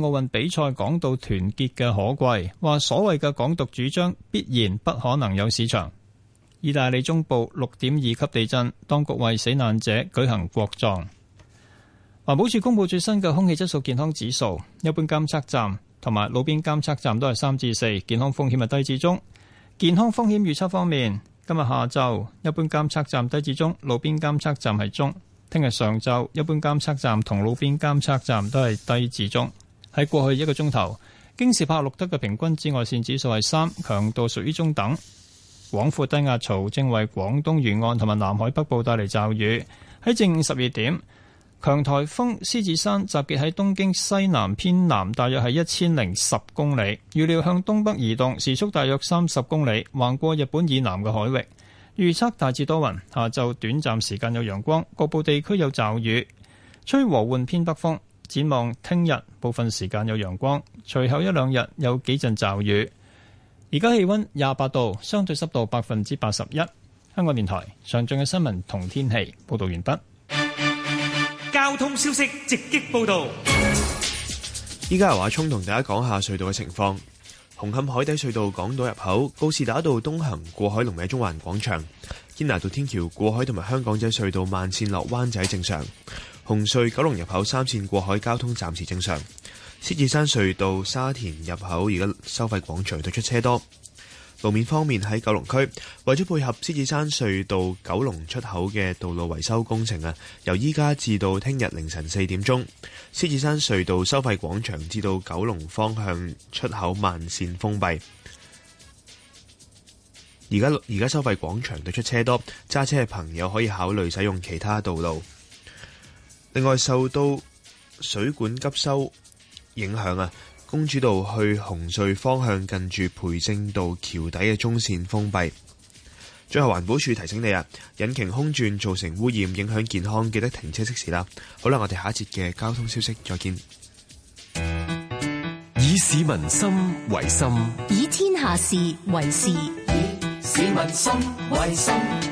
奧運比賽講到團結嘅可貴，話所謂嘅港獨主張必然不可能有市場。意大利中部六點二級地震，當局為死難者舉行國葬。環保署公布最新嘅空氣質素健康指數，一般監測站同埋路邊監測站都係三至四，4，健康風險係低至中。健康風險預測方面，今日下晝一般監測站低至中，路邊監測站係中；聽日上晝一般監測站同路邊監測站都係低至中。喺過去一個鐘頭，京士柏錄得嘅平均紫外線指數係三，強度屬於中等。廣闊低壓槽正為廣東沿岸同埋南海北部帶嚟驟雨。喺正午十二點，強颱風獅子山集結喺東京西南偏南，大約係一千零十公里，預料向東北移動，時速大約三十公里，橫過日本以南嘅海域。預測大致多雲，下晝短暫時間有陽光，各部地區有驟雨，吹和緩偏北風。展望聽日部分時間有陽光，隨後一兩日有幾陣驟雨。而家氣溫廿八度，相對濕度百分之八十一。香港電台詳盡嘅新聞同天氣報道完畢。交通消息直擊報道。依家由阿聰同大家講下隧道嘅情況：紅磡海底隧道港島入口、告士打道東行過海龍尾中環廣場、堅拿道天橋過海同埋香港仔隧道慢線落灣仔正常。紅隧九龍入口三線過海交通暫時正常，獅子山隧道沙田入口而家收費廣場對出車多。路面方面喺九龍區，為咗配合獅子山隧道九龍出口嘅道路維修工程啊，由依家至到聽日凌晨四點鐘，獅子山隧道收費廣場至到九龍方向出口慢線封閉。而家而家收費廣場對出車多，揸車嘅朋友可以考慮使用其他道路。另外，受到水管急修影響啊，公主道去紅隧方向近住培正道橋底嘅中線封閉。最後，環保署提醒你啊，引擎空轉造成污染，影響健康，記得停車熄匙啦。好啦，我哋下一節嘅交通消息再見。以市民心為心，以天下事為事，以市民心為心。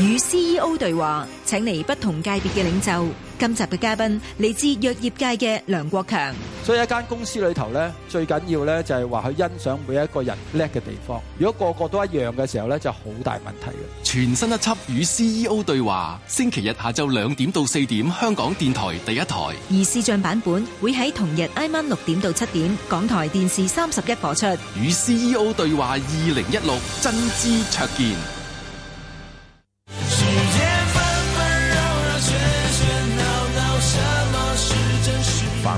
與 CEO 對話，請嚟不同界別嘅領袖。今集嘅嘉賓嚟自藥業界嘅梁國強。所以一間公司裏頭咧，最緊要咧就係話佢欣賞每一個人叻嘅地方。如果個個都一樣嘅時候咧，就好大問題啦。全新一輯《與 CEO 對話》，星期日下晝兩點到四點，香港電台第一台。而視像版本會喺同日挨晚六點到七點，港台電視三十一播出。《與 CEO 對話》二零一六真知灼見。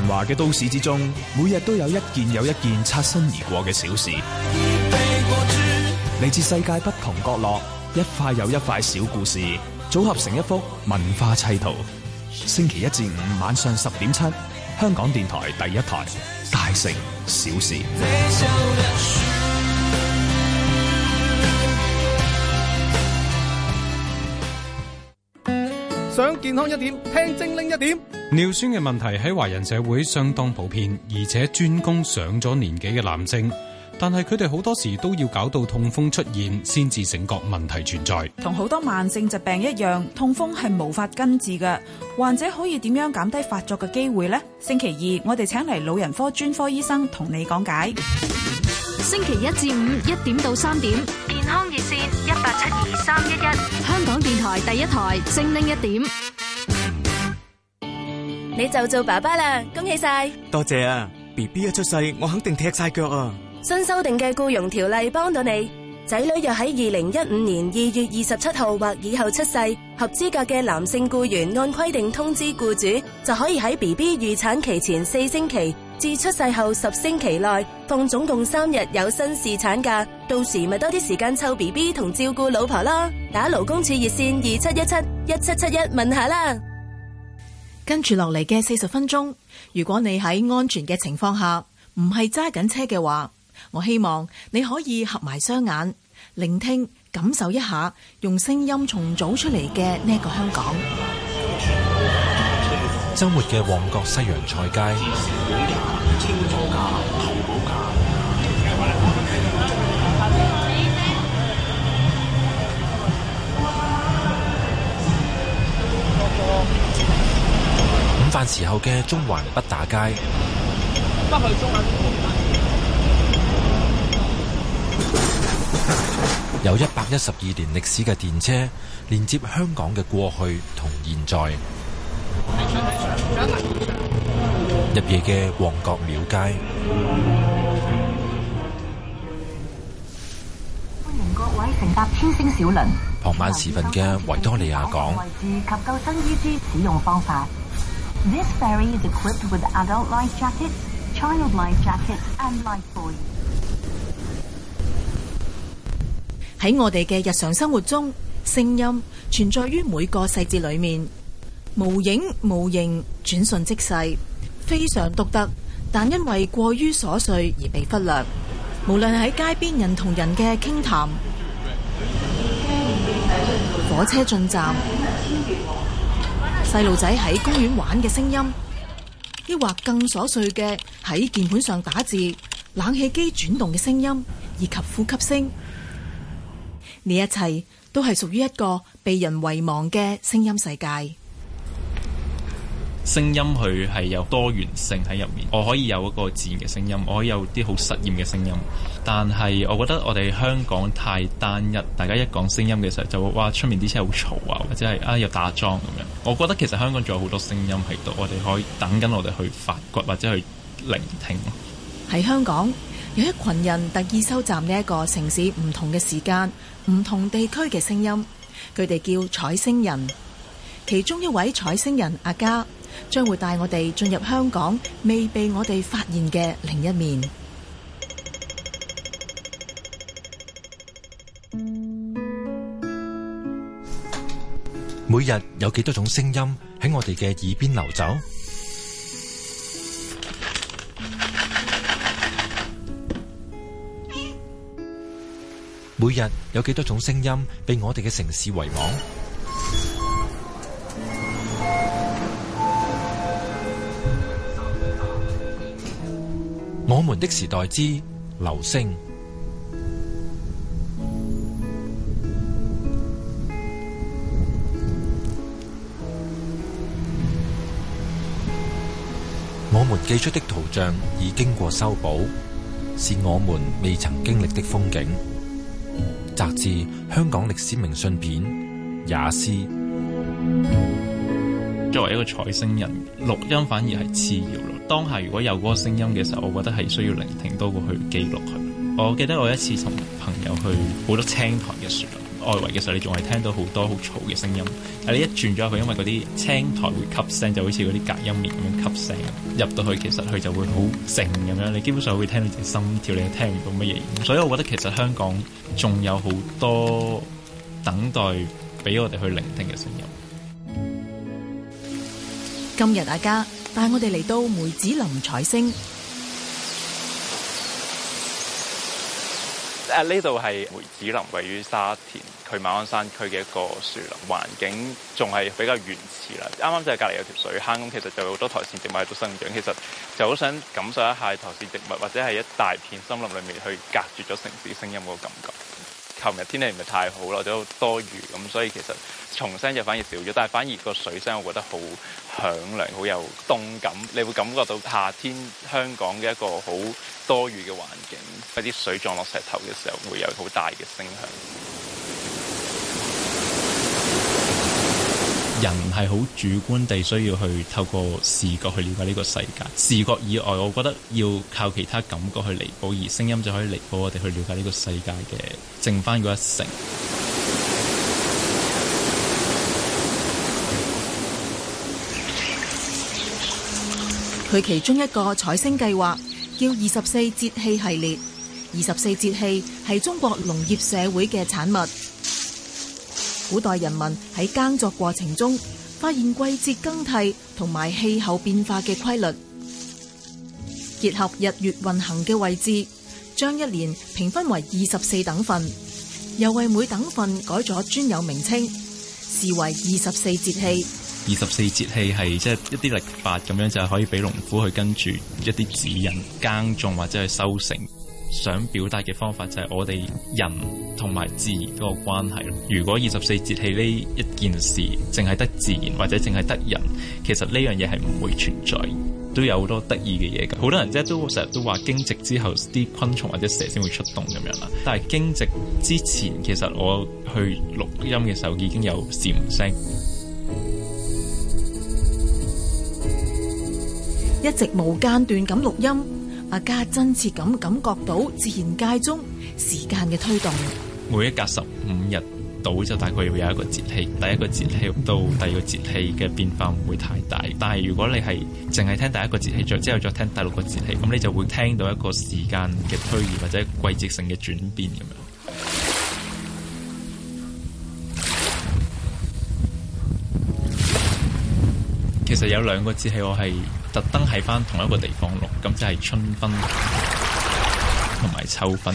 繁華嘅都市之中，每日都有一件又一件擦身而過嘅小事，嚟自世界不同角落，一塊又一塊小故事，組合成一幅文化砌圖。星期一至五晚上十點七，香港電台第一台《大城小事》。想健康一點，聽精靈一點。尿酸嘅問題喺華人社會相當普遍，而且專攻上咗年紀嘅男性。但係佢哋好多時都要搞到痛風出現，先至醒覺問題存在。同好多慢性疾病一樣，痛風係無法根治嘅。患者可以點樣減低發作嘅機會呢？星期二我哋請嚟老人科專科醫生同你講解。星期一至五一點到三點，健康熱線一八七二三一一。第一台，精靈一點，你就做爸爸啦，恭喜晒！多謝啊，B B 一出世，我肯定踢晒腳啊！新修訂嘅僱傭條例幫到你，仔女若喺二零一五年二月二十七號或以後出世，合資格嘅男性僱員按規定通知僱主，就可以喺 B B 預產期前四星期至出世後十星期內放總共三日有薪侍產假。到時咪多啲時間湊 B B 同照顧老婆咯，打勞工處熱線二七一七一七七一問下啦。跟住落嚟嘅四十分鐘，如果你喺安全嘅情況下，唔係揸緊車嘅話，我希望你可以合埋雙眼聆聽，感受一下用聲音重組出嚟嘅呢個香港。週末嘅旺角西洋菜街。午飯時候嘅中環畢打街，有一百一十二年歷史嘅電車，連接香港嘅過去同現在。入夜嘅旺角廟街，歡迎各位乘搭天星小輪。傍晚時分嘅維多利亞港。及救生衣之使用方法。喺我哋嘅日常生活中，聲音存在於每個細節裏面，無影無形，轉瞬即逝，非常獨特，但因為過於瑣碎而被忽略。無論喺街邊人同人嘅傾談。火車進站，細路仔喺公園玩嘅聲音，抑或更瑣碎嘅喺鍵盤上打字、冷氣機轉動嘅聲音，以及呼吸聲，呢一切都係屬於一個被人遺忘嘅聲音世界。聲音佢係有多元性喺入面，我可以有一個自然嘅聲音，我可以有啲好實驗嘅聲音。但係，我覺得我哋香港太單一，大家一講聲音嘅時候就會話出面啲車好嘈啊，或者係啊又打樁咁樣。我覺得其實香港仲有好多聲音喺度，我哋可以等緊我哋去發掘或者去聆聽。喺香港有一群人特意收集呢一個城市唔同嘅時間、唔同地區嘅聲音，佢哋叫彩星人。其中一位彩星人阿嘉。將會帶我哋進入香港未被我哋發現嘅另一面。每日有幾多種聲音喺我哋嘅耳邊流走？每日有幾多種聲音被我哋嘅城市遺忘？我們的時代之流星，我們寄出的圖像已經過修補，是我們未曾經歷的風景。摘自《香港歷史明信片》也思，也詩。作為一個彩星人，錄音反而係次要。當下如果有嗰個聲音嘅時候，我覺得係需要聆聽多過去記錄佢。我記得我一次同朋友去好多青苔嘅樹林外圍嘅時候，時候你仲係聽到好多好嘈嘅聲音，但你一轉咗去，因為嗰啲青苔會吸聲，就好似嗰啲隔音棉咁樣吸聲。入到去其實佢就會好靜咁樣，你基本上會聽到隻心跳，你會聽唔到乜嘢。所以，我覺得其實香港仲有好多等待俾我哋去聆聽嘅聲音。今日大家。帶我哋嚟到梅子林彩星。誒，呢度係梅子林，位於沙田佢馬鞍山區嘅一個樹林，環境仲係比較原始啦。啱啱就係隔籬有條水坑，咁其實就有好多苔蘚植物喺度生長。其實就好想感受一下苔蘚植物或者係一大片森林裏面去隔絕咗城市聲音個感覺。琴日天，天氣唔係太好咯，都多雨咁，所以其實蟲聲就反而少咗，但係反而個水聲，我覺得好響亮，好有動感。你會感覺到夏天香港嘅一個好多雨嘅環境，一啲水撞落石頭嘅時候，會有好大嘅聲響。人係好主觀地需要去透過視覺去了解呢個世界。視覺以外，我覺得要靠其他感覺去彌補，而聲音就可以彌補我哋去了解呢個世界嘅剩翻嗰一成。佢其中一個採星計劃叫二十四節氣系列。二十四節氣係中國農業社會嘅產物。古代人民喺耕作過程中，發現季節更替同埋氣候變化嘅規律，結合日月運行嘅位置，將一年平分為二十四等份，又為每等份改咗專有名稱，視為二十四節氣。二十四節氣係即係一啲歷法咁樣，就可以俾農夫去跟住一啲指引耕種或者去收成。想表達嘅方法就係我哋人同埋自然嗰個關係。如果二十四節氣呢一件事淨係得自然，或者淨係得人，其實呢樣嘢係唔會存在，都有好多得意嘅嘢噶。好多人即係都成日都話驚蟄之後啲昆蟲或者蛇先會出洞咁樣啦。但係驚蟄之前，其實我去錄音嘅時候已經有蟬聲，一直無間斷咁錄音。阿家真切咁感覺到自然界中時間嘅推動。每一格十五日到就大概會有一個節氣，第一個節氣到第二個節氣嘅變化唔會太大。但係如果你係淨係聽第一個節氣，再之後再聽第六個節氣，咁你就會聽到一個時間嘅推移或者季節性嘅轉變咁樣。就有兩個節氣，我係特登喺翻同一個地方錄，咁就係春分同埋秋分。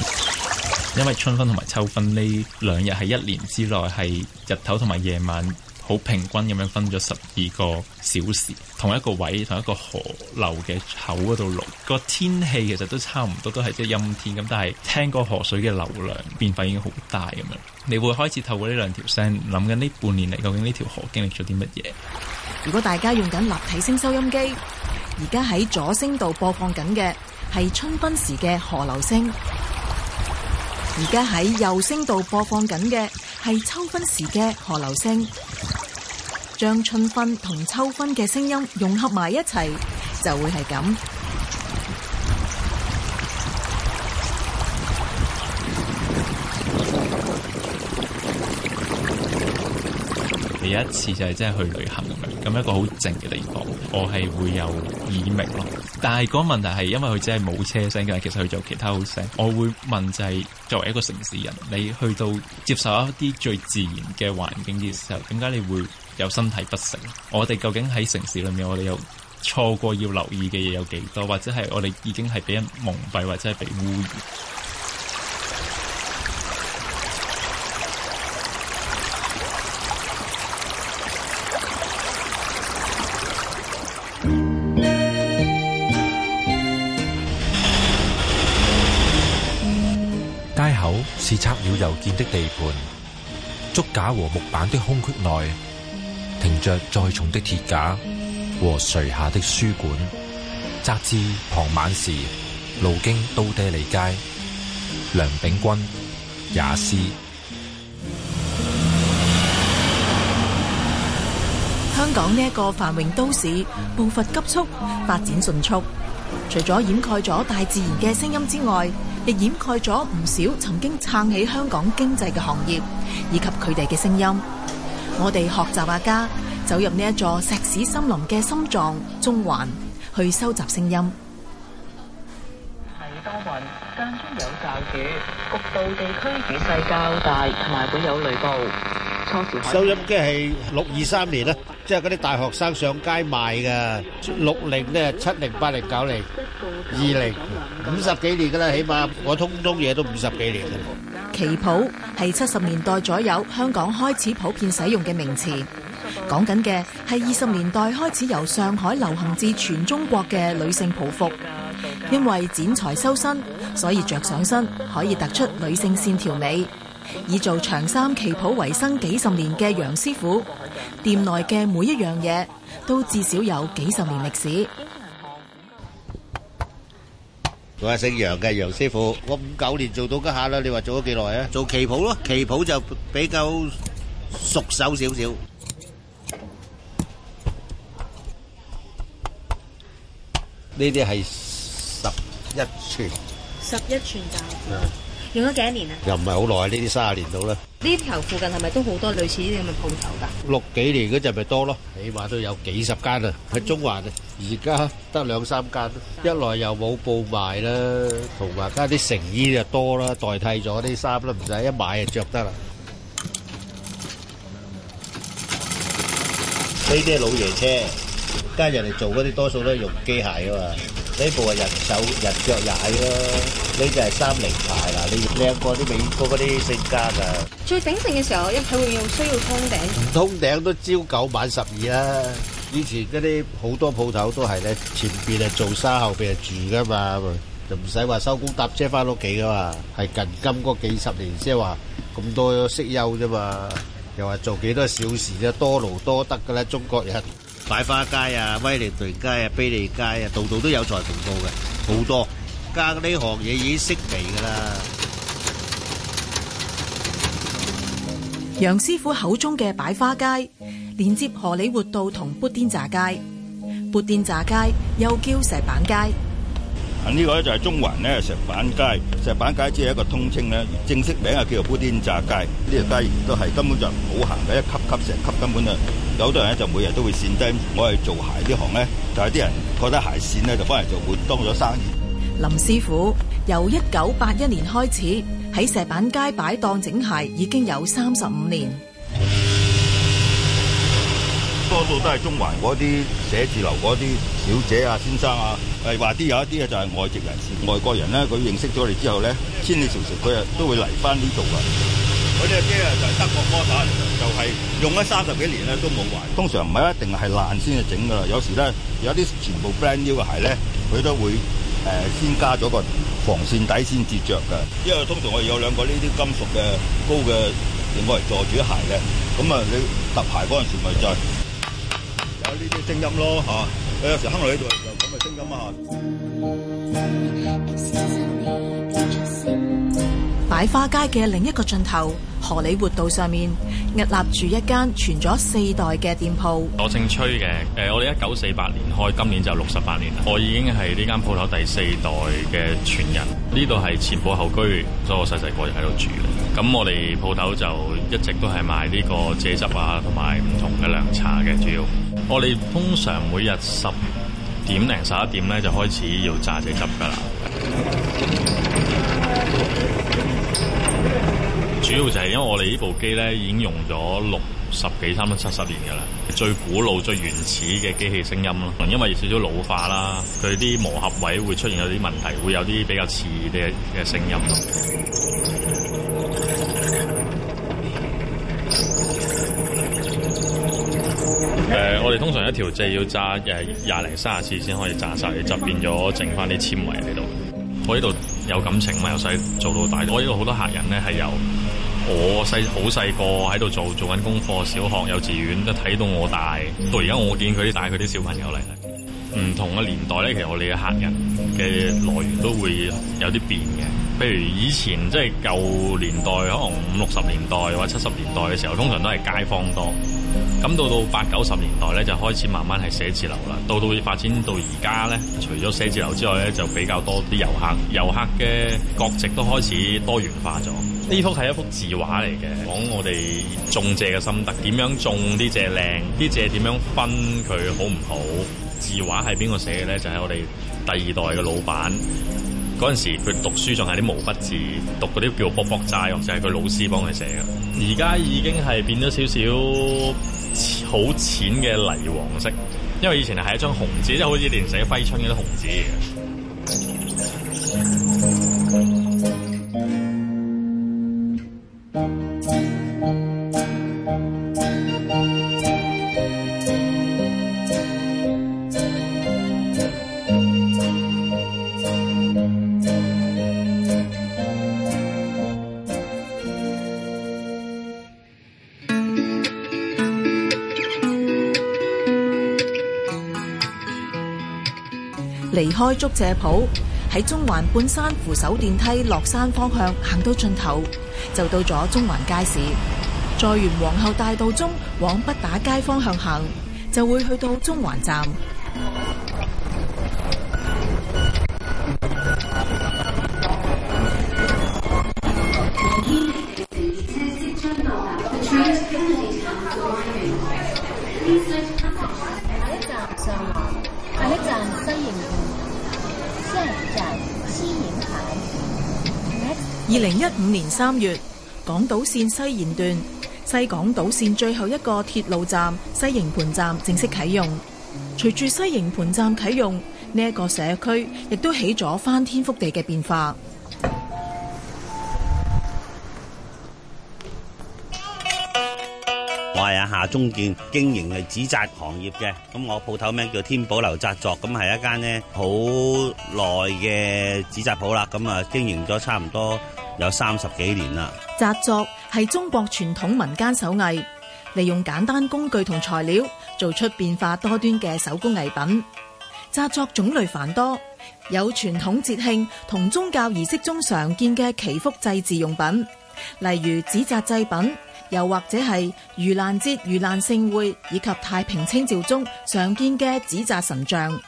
因為春分同埋秋分呢兩日係一年之內係日頭同埋夜晚好平均咁樣分咗十二個小時，同一個位同一個河流嘅口嗰度錄。個天氣其實都差唔多，都係即係陰天咁。但係聽過河水嘅流量變化已經好大咁樣，你會開始透過呢兩條聲諗緊呢半年嚟究竟呢條河經歷咗啲乜嘢？如果大家用緊立體聲收音機，而家喺左聲道播放緊嘅係春分時嘅河流聲，而家喺右聲道播放緊嘅係秋分時嘅河流聲。將春分同秋分嘅聲音融合埋一齊，就會係咁。第一次就係真係去旅行。咁一個好靜嘅地方，我係會有耳鳴咯。但係嗰個問題係，因為佢只係冇車聲嘅，其實佢仲有其他好聲。我會問就係，作為一個城市人，你去到接受一啲最自然嘅環境嘅時候，點解你會有身體不適？我哋究竟喺城市裏面，我哋有錯過要留意嘅嘢有幾多，或者係我哋已經係俾人蒙蔽，或者係被污染？似拆了又建的地盤，竹架和木板的空隙內，停着再重的鐵架和垂下的書管。側至傍晚時，路經都爹利街，梁秉鈞，也斯。香港呢一個繁榮都市，步伐急速，發展迅速，除咗掩蓋咗大自然嘅聲音之外，亦掩蓋咗唔少曾經撐起香港經濟嘅行業，以及佢哋嘅聲音。我哋學習阿家，走入呢一座石屎森林嘅心臟中環，去收集聲音。係多雲，間中有驟雨，局部地區雨勢較大，同埋會有雷暴。收音機係六二三年啦，即係嗰啲大學生上街賣噶，六零咧、七零、八零、九零、二零，五十幾年噶啦，起碼我通通嘢都五十幾年啦。旗袍係七十年代左右香港開始普遍使用嘅名詞，講緊嘅係二十年代開始由上海流行至全中國嘅女性袍服，因為剪裁修身，所以着上身可以突出女性線條美。以做長衫旗袍為生幾十年嘅楊師傅，店內嘅每一樣嘢都至少有幾十年歷史。我係姓楊嘅楊師傅，我五九年做到家下啦，你話做咗幾耐啊？做旗袍咯，旗袍就比較熟手少少。呢啲係十一寸，十一寸大。用咗幾多年啊？又唔係好耐，呢啲三十年到啦。呢條附近係咪都好多類似呢啲咁嘅鋪頭㗎？六幾年嗰陣咪多咯，起碼都有幾十間啊。喺中環啊，而家得兩三間。一來又冇布賣啦，同埋加啲成衣就多啦，代替咗啲衫啦，唔使一買就著得啦。呢啲老爺車，加人哋做嗰啲多數都係用機械啊嘛。呢部係人手人腳踩咯，呢隻係三菱牌。你靚過啲美國嗰啲世家㗎！最鼎盛嘅時候，一體會要需要通頂，通頂都朝九晚十二啦。以前一啲好多鋪頭都係咧，前邊係做沙，後邊係住㗎嘛，就唔使話收工搭車返屋企㗎嘛。係近今嗰幾十年，即係話咁多息優啫嘛，又話做幾多小時啫，多勞多得㗎啦。中國人擺花街啊、威靈頓街啊、卑利街啊，度度都有財富到嘅，好多。隔呢行嘢已經式微㗎啦。楊師傅口中嘅擺花街，連接荷里活道同砵甸乍街。砵甸乍街又叫石板街。啊，呢個咧就係中環咧石板街，石板街只係一個通稱咧，正式名啊叫做砵甸乍街。呢條街都係根本就唔好行嘅，一級級石級根本就，有好多人咧就每日都會跣低。我係做鞋呢行咧，就係啲人覺得鞋跣咧，就翻嚟就會當咗生意。林師傅由一九八一年開始。喺石板街擺檔整鞋已經有三十五年，多數都係中環嗰啲寫字樓嗰啲小姐啊、先生啊，誒，話啲有一啲啊就係外籍人士、外國人啦，佢認識咗你之後咧，千里迢迢佢啊都會嚟翻呢度噶。我哋隻車啊就係德國摩打，嚟就係、是、用咗三十幾年咧都冇壞。通常唔係一定係爛先去整噶啦，有時咧有啲全部 brand new 嘅鞋咧，佢都會。誒，添加咗個防線底先至着嘅，因為通常我哋有兩個呢啲金屬嘅高嘅，用嚟坐住鞋嘅，咁啊，你踏鞋嗰陣時咪就係、嗯、有呢啲聲音咯，嚇、啊！你有時坑落呢度就咁嘅聲音嚇。嗯。喺花街嘅另一個盡頭，荷里活道上面屹立住一間傳咗四代嘅店鋪。我姓崔嘅，誒，我哋一九四八年開，今年就六十八年啦。我已經係呢間鋪頭第四代嘅傳人。呢度係前鋪後居，所以我細細個就喺度住。咁我哋鋪頭就一直都係賣呢個蔗汁啊，同埋唔同嘅涼茶嘅主要。我哋通常每日十點零十一點咧，就開始要炸隻汁噶啦。主要就係因為我哋呢部機咧，已經用咗六十幾差唔多七十年噶啦，最古老、最原始嘅機器聲音咯。因為有少少老化啦，佢啲磨合位會出現有啲問題，會有啲比較刺耳嘅嘅聲音。誒、呃，我哋通常一條蔗要榨誒廿零卅次先可以榨晒，就變咗剩翻啲纖維喺度。我呢度有感情嘛，由細做到大。我呢度好多客人咧係由我細好細個喺度做做緊功課，小學、幼稚園都睇到我大到而家。我見佢啲帶佢啲小朋友嚟，唔同嘅年代咧，其實我哋嘅客人嘅來源都會有啲變嘅。譬如以前即係舊年代，可能五六十年代或者七十年代嘅時候，通常都係街坊多。咁到到八九十年代咧，就開始慢慢係寫字樓啦。到到發展到而家咧，除咗寫字樓之外咧，就比較多啲遊客。遊客嘅國籍都開始多元化咗。呢幅係一幅字畫嚟嘅，講我哋種蔗嘅心得，點樣種啲蔗靚，啲蔗點樣分佢好唔好？字畫係邊個寫嘅咧？就係我哋第二代嘅老闆。嗰陣時佢讀書仲係啲毛筆字，讀嗰啲叫卜卜齋，就係佢老師幫佢寫嘅。而家已經係變咗少少好淺嘅泥黃色，因為以前係一張紅紙，即係好似連寫揮春啲紅紙 開足蔗鋪喺中環半山扶手電梯落山方向行到盡頭，就到咗中環街市，再沿皇后大道中往畢打街方向行，就會去到中環站。年三月，港島綫西延段，西港島綫最後一個鐵路站西營盤站正式啟用。隨住西營盤站啟用，呢、這、一個社區亦都起咗翻天覆地嘅變化。我係阿夏中建，經營係紙紮行業嘅。咁我鋪頭名叫天寶樓紮作，咁係一間呢好耐嘅紙紮鋪啦。咁啊，經營咗差唔多。有三十幾年啦。紮作係中國傳統民間手藝，利用簡單工具同材料做出變化多端嘅手工藝品。紮作種類繁多，有傳統節慶同宗教儀式中常見嘅祈福祭祀用品，例如紙紮祭品，又或者係盂蘭節、盂蘭聖會以及太平清醮中常見嘅紙紮神像，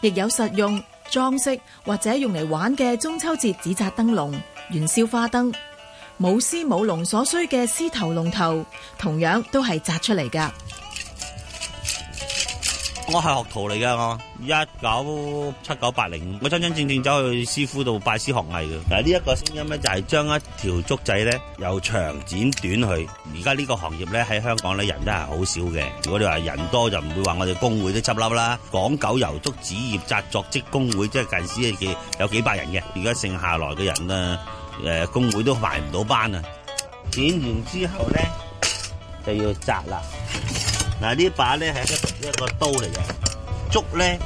亦有實用、裝飾或者用嚟玩嘅中秋節紙紮燈籠。元宵花燈舞獅舞龍所需嘅獅頭、龍頭，同樣都係紮出嚟噶。我係學徒嚟噶，我一九七九八零，我真真正正走去師傅度拜師學藝嘅。嗱，呢一個聲音咧，就係將一條竹仔咧由長剪短去。而家呢個行業咧喺香港咧，人真係好少嘅。如果你話人多，就唔會話我哋工會都執笠啦。港九油竹紙業紮作職工會，即係近時有幾百人嘅，而家剩下來嘅人啦。誒，工會都排唔到班啊！剪完之後咧，就要摘啦。嗱，呢把咧係一個一個刀嚟嘅，竹咧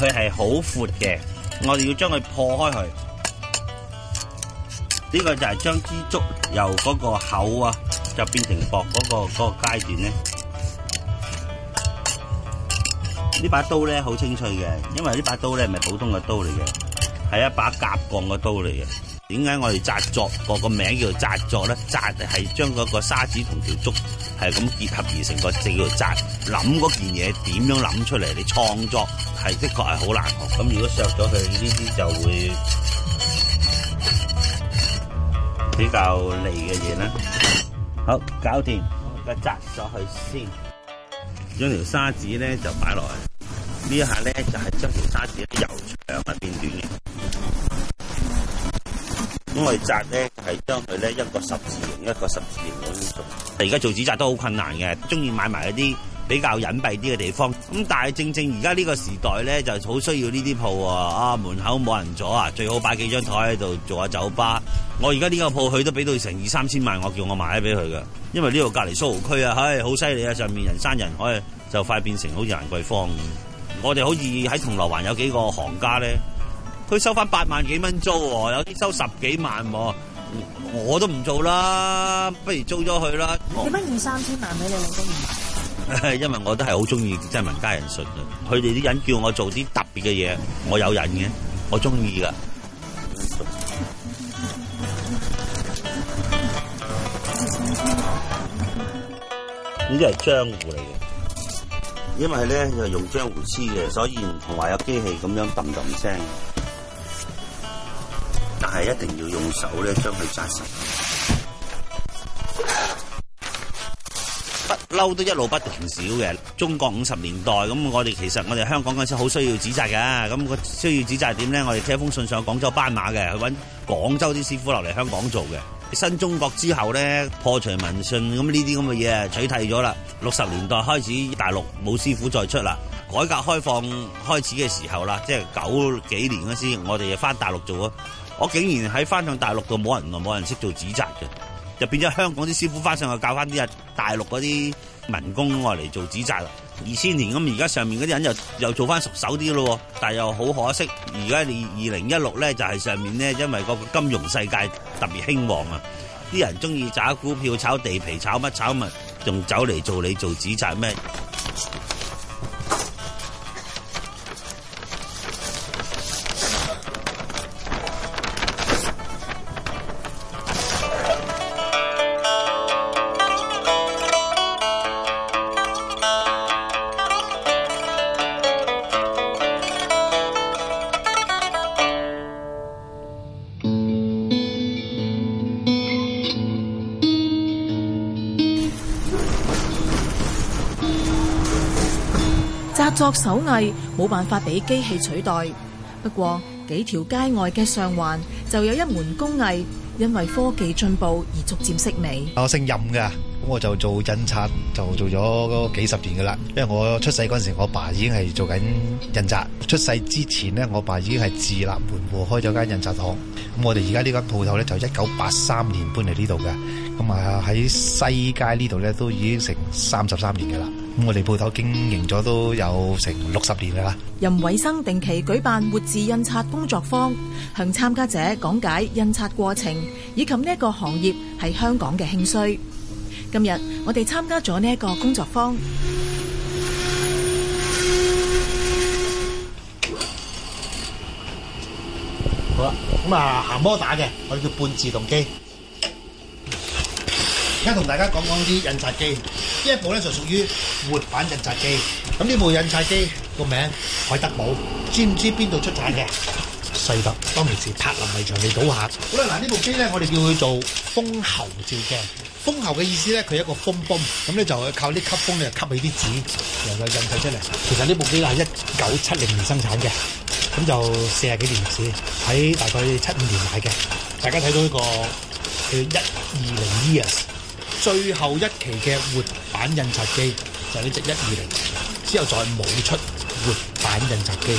佢係好闊嘅，我哋要將佢破開佢。呢個就係將支竹由嗰個厚啊，就變成薄嗰個嗰個階段咧。呢把刀咧好清脆嘅，因為呢把刀咧唔係普通嘅刀嚟嘅，係一把夾鋼嘅刀嚟嘅。點解我哋紮作個個名叫做紮作咧？紮係將嗰個沙子同條竹係咁結合而成個，字，叫做紮。諗嗰件嘢點樣諗出嚟？你創作係的確係好難學。咁如果削咗佢呢啲，就會比較利嘅嘢啦。好，搞掂，我紮咗去先，將條沙子咧就擺落嚟。一下呢下咧就係、是、將條沙子由長啊變短嘅。外摘咧係將佢咧一個十字形一個十字形咁，而家做紙紮都好困難嘅，中意買埋一啲比較隱蔽啲嘅地方。咁但係正正而家呢個時代咧，就好需要呢啲鋪啊！啊，門口冇人坐啊，最好擺幾張台喺度做下酒吧。我而家呢個鋪佢都俾到成二三千萬，我叫我買咗俾佢㗎！因為呢度隔離蘇豪區啊，唉、哎，好犀利啊！上面人山人海，就快變成好似蘭桂坊咁。我哋好似喺銅鑼灣有幾個行家咧。佢收翻八萬幾蚊租喎，有啲收十幾萬，我都唔做啦，不如租咗佢啦。有乜二三千萬俾你，我都唔買？ 因為我都係好中意即係文佳人信。啊，佢哋啲人叫我做啲特別嘅嘢，我有癮嘅，我中意噶。呢啲係漿糊嚟嘅，因為咧又用漿糊黐嘅，所以唔同話有機器咁樣噔噔聲。一定要用手咧，將佢紮實。不嬲都一路不停少嘅。中國五十年代咁，我哋其實我哋香港嗰陣時好需要指責嘅。咁個需要指責係點咧？我哋睇封信上廣州斑馬嘅，去揾廣州啲師傅落嚟香港做嘅。新中國之後咧，破除民信咁呢啲咁嘅嘢取締咗啦。六十年代開始，大陸冇師傅再出啦。改革開放開始嘅時候啦，即係九幾年嗰陣時，我哋又翻大陸做啊。我竟然喺翻上大陸度冇人，冇人識做紙紮嘅，就變咗香港啲師傅翻上去教翻啲啊大陸嗰啲民工我嚟做紙紮啦。二千年咁，而家上面嗰啲人又又做翻熟手啲咯，但又好可惜，而家你二零一六咧就係上面咧，因為個金融世界特別興旺啊，啲人中意炒股票、炒地皮、炒乜炒物，仲走嚟做你做紙紮咩？作手藝冇辦法俾機器取代，不過幾條街外嘅上環就有一門工藝，因為科技進步而逐漸式微。我姓任噶，咁我就做印刷，就做咗幾十年噶啦。因為我出世嗰陣時，我爸已經係做緊印刷。出世之前咧，我爸已經係自立門戶開咗間印刷廠。咁我哋而家呢間鋪頭咧，就一九八三年搬嚟呢度嘅。咁啊喺西街這裡呢度咧，都已經成三十三年噶啦。咁我哋鋪頭經營咗都有成六十年啦。任偉生定期舉，舉辦活字印刷工作坊，向參加者講解印刷過程以及呢一個行業係香港嘅興衰。今日我哋參加咗呢一個工作坊。好啦，咁啊行摩打嘅，我哋叫半自動機。而家同大家講講啲印刷機，呢一部咧就屬於活版印刷機。咁呢部印刷機個名海德堡，知唔知邊度出產嘅？西德，當其時柏林圍牆未倒下。好啦，嗱呢部機咧，我哋叫佢做風喉照鏡。風喉嘅意思咧，佢一個風泵，咁咧就靠啲吸風咧吸起啲紙，然後印晒出嚟。其實呢部機係一九七零年生產嘅，咁就四十幾年歷史，喺大概七五年買嘅。大家睇到呢個一二零 years。最後一期嘅活版印刷機就係呢隻一二零，之後再冇出活版印刷機。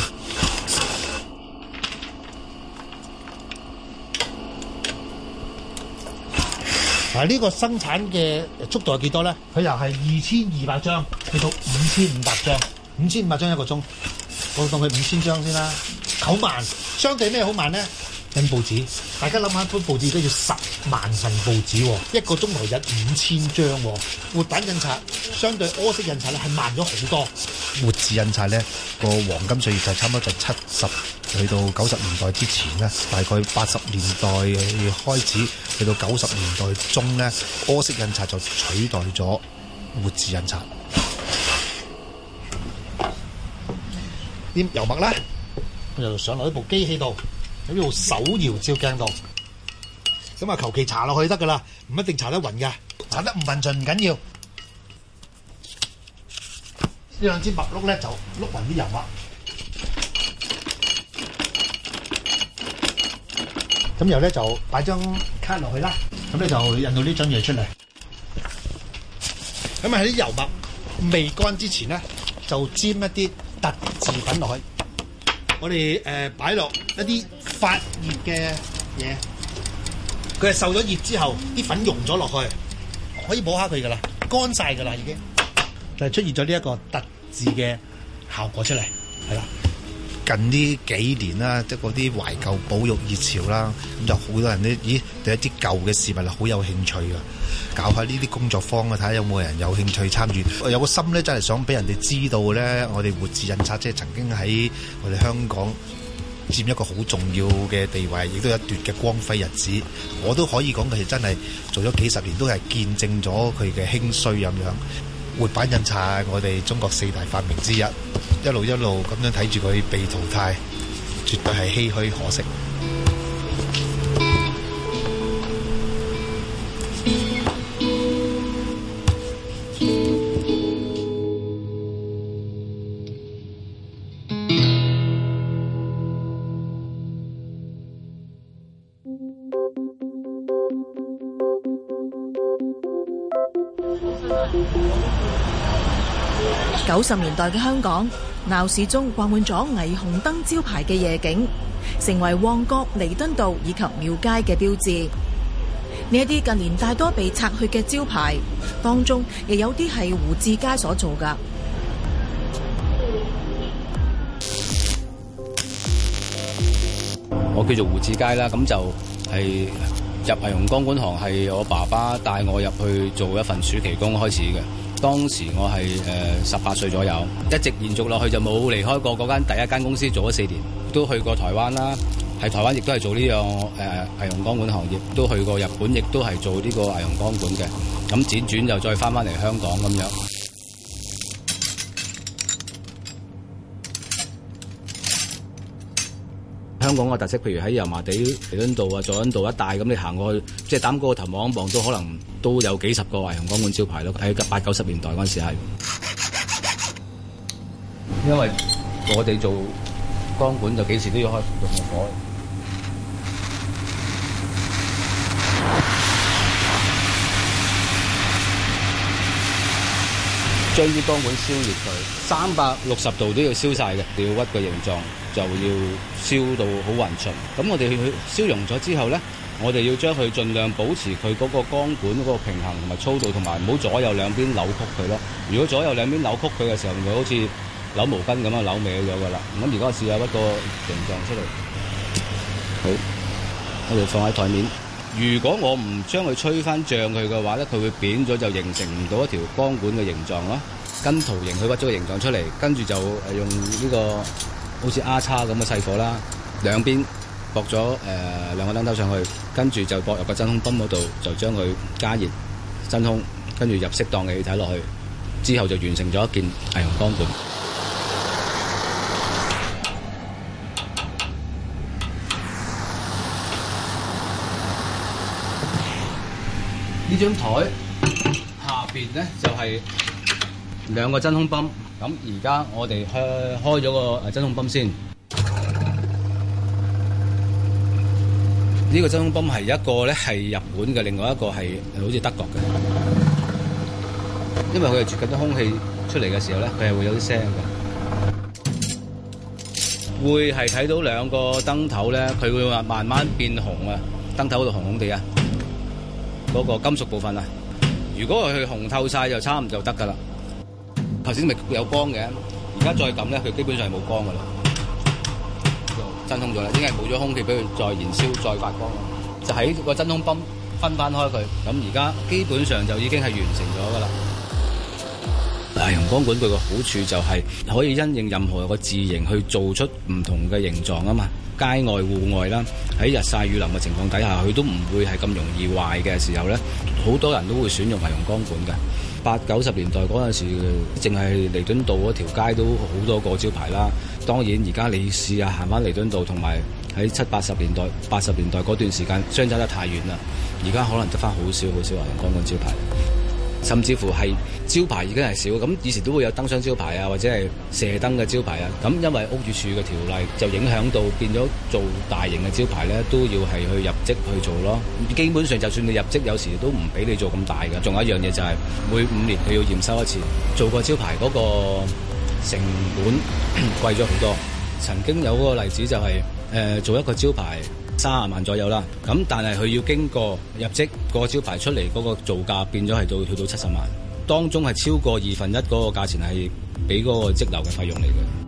嗱，呢個生產嘅速度係幾多咧？佢又係二千二百張去到五千五百張，五千五百張一個鐘。我當佢五千張先啦，九萬相對咩好慢咧？印報紙，大家諗下，一本報紙都要十萬份報紙，一個鐘頭有五千張。活版印刷相對柯式印刷咧，係慢咗好多。活字印刷咧，個黃金歲月就差唔多就七十去到九十年代之前啦，大概八十年代開始去到九十年代中咧，柯式印刷就取代咗活字印刷。啲油墨啦，就上落一部機器度。喺度手搖照鏡度，咁啊，求其搽落去得噶啦，唔一定搽得勻㗎，搽得唔勻盡唔緊要。呢兩支墨碌咧，就碌勻啲油墨，咁然後呢，咧就擺張卡落去啦，咁你就印到呢張嘢出嚟。咁啊，喺啲油墨未乾之前咧，就沾一啲特製品落去，我哋擺落。呃一啲發熱嘅嘢，佢係受咗熱之後，啲粉溶咗落去，可以補下佢噶啦，乾曬噶啦已經，就係出現咗呢一個特質嘅效果出嚟，係啦。近呢幾年啦，即係嗰啲懷舊保育熱潮啦，咁就好多人咧，咦對一啲舊嘅事物好有興趣噶，搞下呢啲工作坊啊，睇下有冇人有興趣參與。有個心咧，真係想俾人哋知道咧，我哋活字印刷即係曾經喺我哋香港。佔一個好重要嘅地位，亦都有一段嘅光輝日子。我都可以講佢真係做咗幾十年，都係見證咗佢嘅興衰咁樣，活板印刷，我哋中國四大發明之一，一路一路咁樣睇住佢被淘汰，絕對係唏噓可惜。九十年代嘅香港，鬧市中掛滿咗霓虹燈招牌嘅夜景，成為旺角、彌敦道以及廟街嘅標誌。呢一啲近年大多被拆去嘅招牌，當中，亦有啲係胡志佳所做噶。我叫做胡志佳啦，咁就係、是。入藝用光管行係我爸爸帶我入去做一份暑期工開始嘅，當時我係誒十八歲左右，一直延續落去就冇離開過，嗰間第一間公司做咗四年，都去過台灣啦，喺台灣亦都係做呢樣誒藝用光管行業，都去過日本，亦都係做呢個藝用光管嘅，咁輾轉又再翻翻嚟香港咁樣。香港個特色，譬如喺油麻地彌敦道啊、佐敦道一帶，咁你行過去，即係擔高個頭望一望，都可能都有幾十個霓虹光管招牌咯。喺八九十年代嗰陣時係，因為我哋做光管就幾時都要開動火，將啲光管燒熱佢，三百六十度都要燒晒嘅，吊屈個形狀。就要燒到好勻循，咁我哋去燒溶咗之後咧，我哋要將佢盡量保持佢嗰個光管嗰個平衡同埋粗度，同埋唔好左右兩邊扭曲佢咯。如果左右兩邊扭曲佢嘅時候，就好似扭毛巾咁樣，扭歪咗噶啦。咁而家試下屈個形狀出嚟，好，我哋放喺台面。如果我唔將佢吹返脹佢嘅話咧，佢會扁咗，就形成唔到一條鋼管嘅形狀咯。跟圖形佢挖咗個形狀出嚟，跟住就用呢個。好似 R 叉咁嘅細火啦，兩邊駁咗，誒兩個燈兜上去，跟住就駁入個真空泵嗰度，就將佢加熱真空，跟住入適當嘅氣體落去，之後就完成咗一件霓虹光管。呢張台下邊咧就係兩個真空泵。咁而家我哋開開咗個真空泵先。呢個真空泵係一個咧係日本嘅，另外一個係好似德國嘅。因為佢係啜緊啲空氣出嚟嘅時候咧，佢係會有啲聲嘅。會係睇到兩個燈頭咧，佢會話慢慢變紅啊！燈頭嗰度紅紅地啊，嗰個金屬部分啊。如果佢紅透晒就差唔多就得㗎啦。頭先咪有光嘅，而家再撳咧，佢基本上係冇光噶啦，真空咗啦，應該係冇咗空氣俾佢再燃燒、再發光咯，就喺個真空泵分翻開佢，咁而家基本上就已經係完成咗噶啦。霓虹光管佢個好處就係可以因應任何個字形去做出唔同嘅形狀啊嘛，街外、戶外啦，喺日晒雨淋嘅情況底下，佢都唔會係咁容易壞嘅時候咧，好多人都會選用霓虹光管嘅。八九十年代嗰陣時，淨係彌敦道嗰條街都好多個招牌啦。當然而家你試下行翻彌敦道，同埋喺七八十年代、八十年代嗰段時間，相差得太遠啦。而家可能得翻好少好少香港招牌。甚至乎係招牌已經係少，咁以前都會有燈箱招牌啊，或者係射燈嘅招牌啊。咁因為屋宇署嘅條例就影響到，變咗做大型嘅招牌咧，都要係去入職去做咯。基本上，就算你入職有時都唔俾你做咁大嘅。仲有一樣嘢就係每五年佢要驗收一次，做個招牌嗰個成本咳咳貴咗好多。曾經有個例子就係誒做一個招牌。三十萬左右啦，咁但係佢要經過入職個招牌出嚟嗰個造價變咗係到去到七十萬，當中係超過二分一嗰個價錢係俾嗰個積流嘅費用嚟嘅。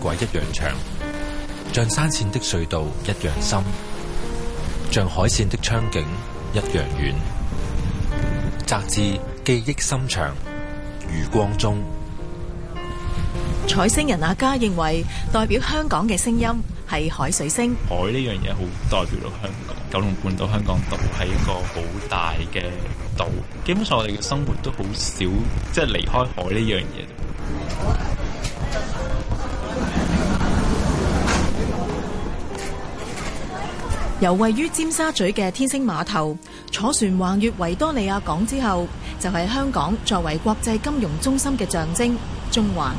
軌一樣長，像山綫的隧道一樣深，像海綫的窗景一樣遠，摘自記憶深長，余光中。彩星人阿嘉認為，代表香港嘅聲音係海水聲。海呢樣嘢好代表到香港，九龍半島香港島係一個好大嘅島，基本上我哋嘅生活都好少即係離開海呢樣嘢。由位於尖沙咀嘅天星碼頭坐船橫越維多利亞港之後，就係香港作為國際金融中心嘅象徵——中環、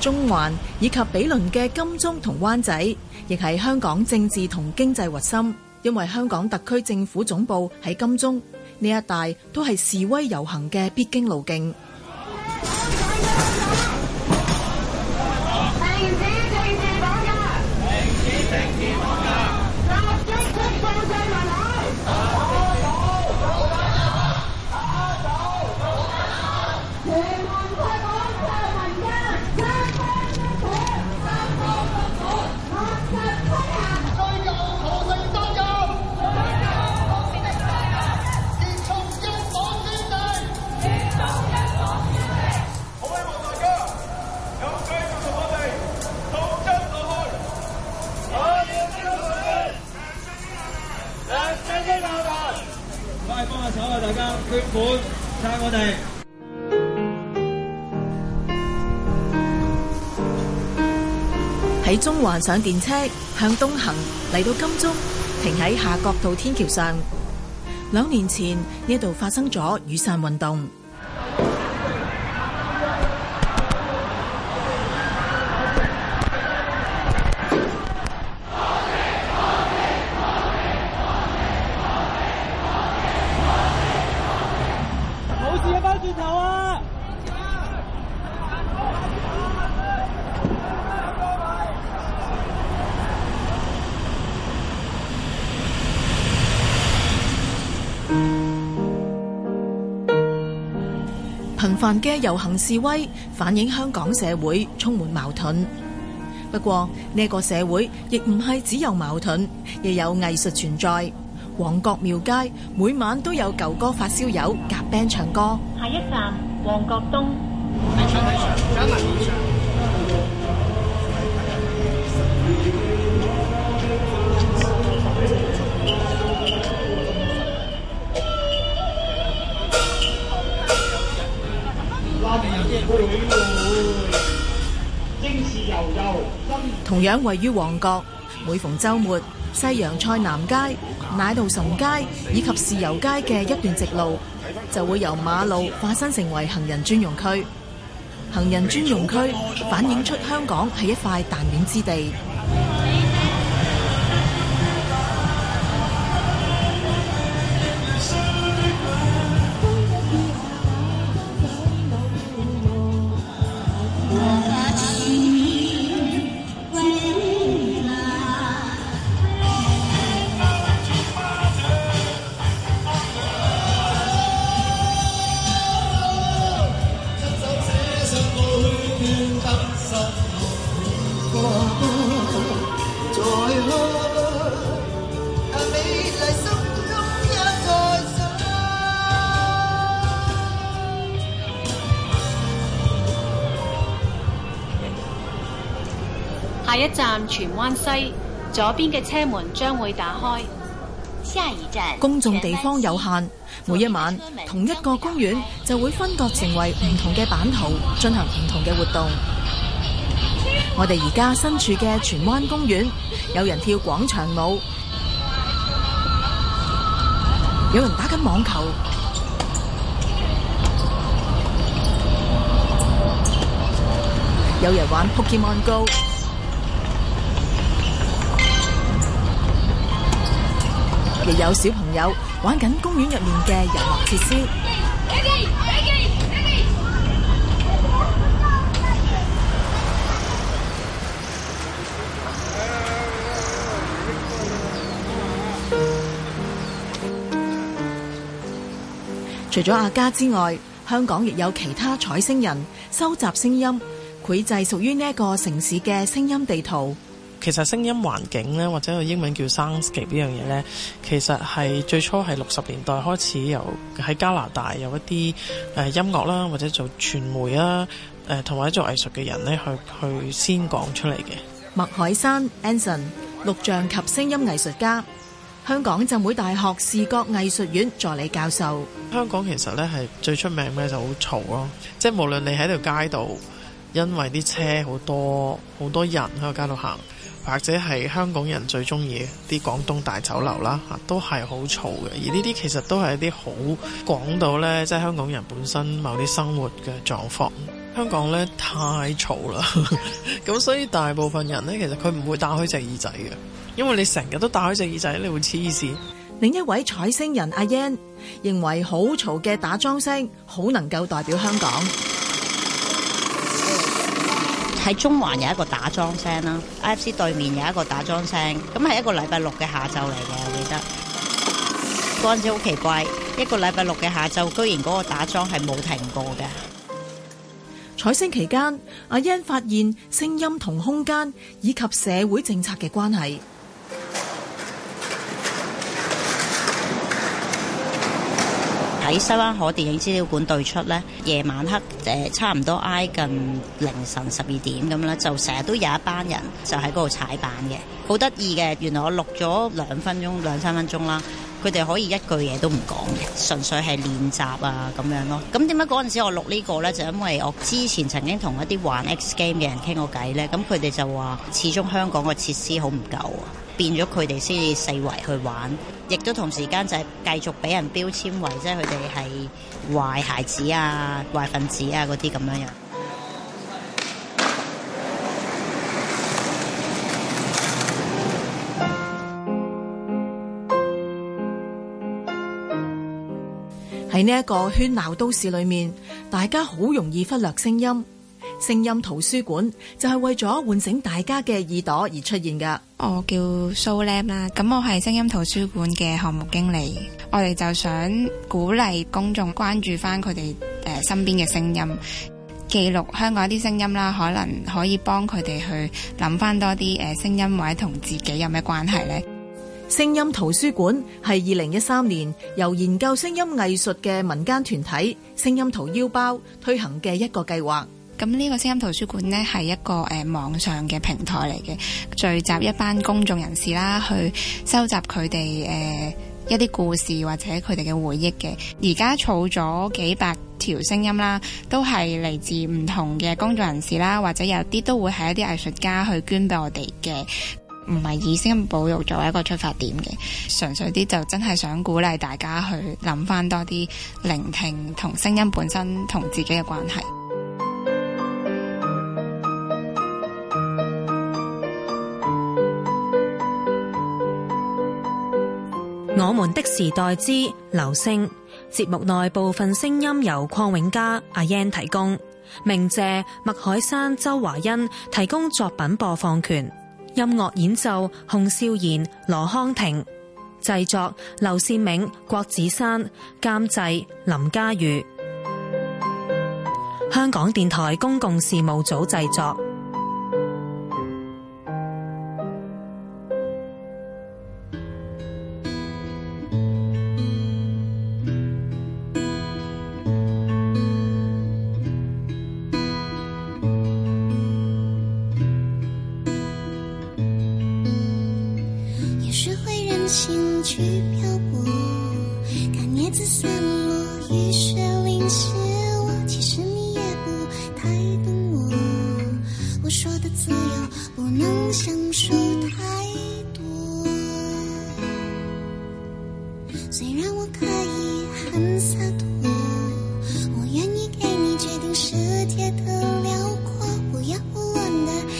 中環以及比鄰嘅金鐘同灣仔，亦係香港政治同經濟核心。因為香港特區政府總部喺金鐘呢一帶，都係示威遊行嘅必經路徑。環上電車向東行嚟到金鐘，停喺夏慤道天橋上。兩年前呢度發生咗雨傘運動。頻繁嘅遊行示威反映香港社會充滿矛盾。不過呢個社會亦唔係只有矛盾，亦有藝術存在。旺角廟街每晚都有舊歌發燒友夾 band 唱歌。下一站，旺角東。同樣位於旺角，每逢周末，西洋菜南街、奶路臣街以及豉油街嘅一段直路，就會由馬路化身成為行人專用區。行人專用區反映出香港係一塊彈丸之地。下一站荃灣西，左邊嘅車門將會打開。下一站，公眾地方有限，每一晚同一個公園就會分割成為唔同嘅版圖，進行唔同嘅活動。我哋而家身處嘅荃灣公園，有人跳廣場舞，有人打緊網球，有人玩 Pokemon Go。有小朋友玩緊公園入面嘅遊樂設施。除咗阿嘉之外，香港亦有其他彩星人收集聲音繪製屬於呢個城市嘅聲音地圖。其實聲音環境呢，或者個英文叫 soundscape 呢樣嘢呢，其實係最初係六十年代開始由喺加拿大有一啲誒音樂啦，或者做傳媒啊，誒同埋做藝術嘅人呢去去先講出嚟嘅。麥海珊、Anson 錄像及聲音藝術家，香港浸會大學視覺藝術院助理教授。香港其實呢係最出名咧就好嘈咯，即係無論你喺條街度，因為啲車好多，好多人喺個街度行。或者係香港人最中意啲廣東大酒樓啦，嚇都係好嘈嘅。而呢啲其實都係一啲好講到呢，即係香港人本身某啲生活嘅狀況。香港呢太嘈啦，咁 所以大部分人呢，其實佢唔會打開隻耳仔嘅，因為你成日都打開隻耳仔，你會黐線。另一位彩星人阿 Yan 認為好嘈嘅打樁聲好能夠代表香港。喺中環有一個打樁聲啦，IFC 對面有一個打樁聲，咁係一個禮拜六嘅下晝嚟嘅，我記得嗰陣時好奇怪，一個禮拜六嘅下晝，居然嗰個打樁係冇停過嘅。採聲期間，阿欣發現聲音同空間以及社會政策嘅關係。喺西灣河電影資料館對出呢，夜晚黑誒差唔多挨近凌晨十二點咁咧，就成日都有一班人就喺嗰度踩板嘅，好得意嘅。原來我錄咗兩分鐘、兩三分鐘啦，佢哋可以一句嘢都唔講嘅，純粹係練習啊咁樣咯。咁點解嗰陣時我錄呢個呢？就因為我之前曾經同一啲玩 X game 嘅人傾過偈呢。咁佢哋就話，始終香港個設施好唔夠啊，變咗佢哋先至四圍去玩。亦都同時間就係繼續俾人標籤為，即係佢哋係壞孩子啊、壞分子啊嗰啲咁樣樣。喺呢一個喧鬧都市裏面，大家好容易忽略聲音。聲音圖書館就係為咗喚醒大家嘅耳朵而出現㗎。我叫蘇藍啦，咁我係聲音圖書館嘅項目經理。我哋就想鼓勵公眾關注翻佢哋誒身邊嘅聲音，記錄香港一啲聲音啦，可能可以幫佢哋去諗翻多啲誒聲音或者同自己有咩關係呢。聲音圖書館係二零一三年由研究聲音藝術嘅民間團體聲音掏腰包推行嘅一個計劃。咁呢個聲音圖書館呢，係一個誒、呃、網上嘅平台嚟嘅，聚集一班公眾人士啦，去收集佢哋誒一啲故事或者佢哋嘅回憶嘅。而家儲咗幾百條聲音啦，都係嚟自唔同嘅公眾人士啦，或者有啲都會係一啲藝術家去捐俾我哋嘅，唔係以聲音保育作為一個出發點嘅，純粹啲就真係想鼓勵大家去諗翻多啲聆聽同聲音本身同自己嘅關係。我們的時代之流星節目內部分聲音由鄺永嘉、阿 Yen 提供，鳴謝麥海珊、周華欣提供作品播放權，音樂演奏洪少賢、羅康庭，製作劉善明、郭子山，監製林家瑜，香港電台公共事務組製作。